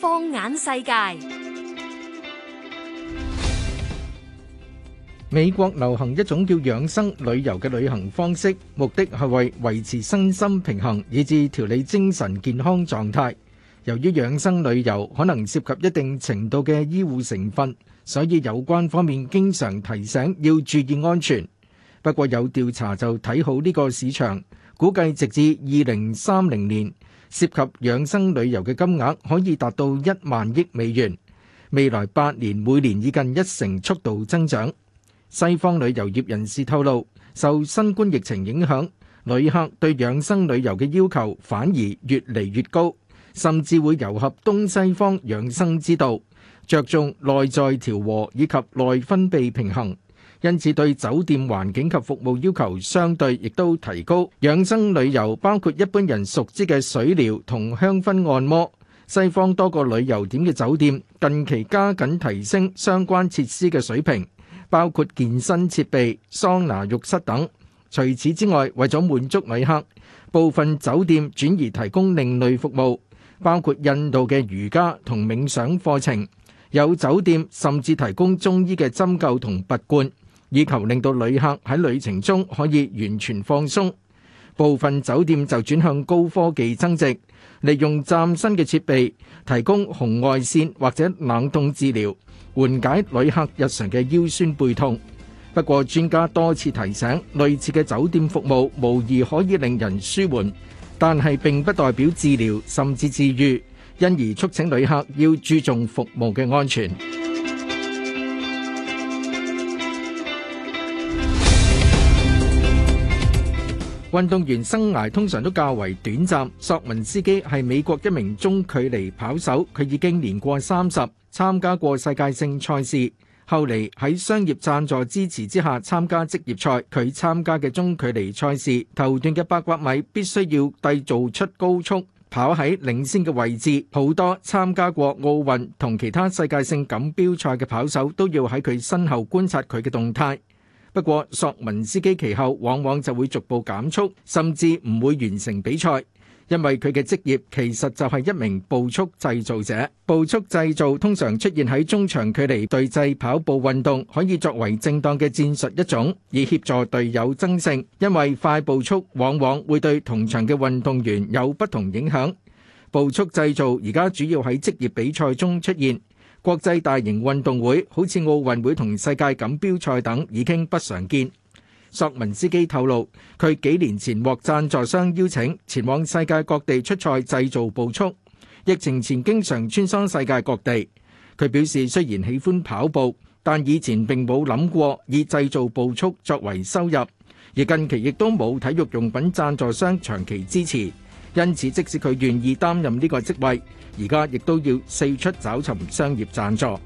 放眼世界，美國流行一種叫養生旅遊嘅旅行方式，目的係為維持身心平衡，以至調理精神健康狀態。由於養生旅遊可能涉及一定程度嘅醫護成分，所以有關方面經常提醒要注意安全。不過有調查就睇好呢個市場。估計直至二零三零年，涉及養生旅遊嘅金額可以達到一萬億美元。未來八年每年以近一成速度增長。西方旅遊業人士透露，受新冠疫情影響，旅客對養生旅遊嘅要求反而越嚟越高，甚至會糅合東西方養生之道，着重內在調和以及內分泌平衡。因此，對酒店環境及服務要求相對亦都提高。養生旅遊包括一般人熟知嘅水療同香薰按摩。西方多個旅遊點嘅酒店近期加緊提升相關設施嘅水平，包括健身設備、桑拿浴室等。除此之外，為咗滿足旅客，部分酒店轉而提供另類服務，包括印度嘅瑜伽同冥想課程。有酒店甚至提供中醫嘅針灸同拔罐。以求令到旅客喺旅程中可以完全放鬆。部分酒店就轉向高科技增值，利用嶄新嘅設備，提供紅外線或者冷凍治療，緩解旅客日常嘅腰酸背痛。不過專家多次提醒，類似嘅酒店服務無疑可以令人舒緩，但係並不代表治療甚至治癒，因而促請旅客要注重服務嘅安全。運動員生涯通常都較為短暫，索文斯基係美國一名中距離跑手，佢已經年過三十，參加過世界性賽事。後嚟喺商業贊助支持之下參加職業賽，佢參加嘅中距離賽事頭段嘅八百米必須要製造出高速，跑喺領先嘅位置。好多參加過奧運同其他世界性錦標賽嘅跑手都要喺佢身後觀察佢嘅動態。不過，索文斯基其後往往就會逐步減速，甚至唔會完成比賽，因為佢嘅職業其實就係一名步速製造者。步速製造通常出現喺中長距離對制跑步運動，可以作為正當嘅戰術一種，以協助隊友爭勝。因為快步速往往會對同場嘅運動員有不同影響。步速製造而家主要喺職業比賽中出現。國際大型運動會好似奧運會同世界錦標賽等已經不常見。索文斯基透露，佢幾年前獲贊助商邀請前往世界各地出賽製造步速，疫情前經常穿梭世界各地。佢表示雖然喜歡跑步，但以前並冇諗過以製造步速作為收入，而近期亦都冇體育用品贊助商長期支持。因此，即使佢願意擔任呢個職位，而家亦都要四出找尋商業贊助。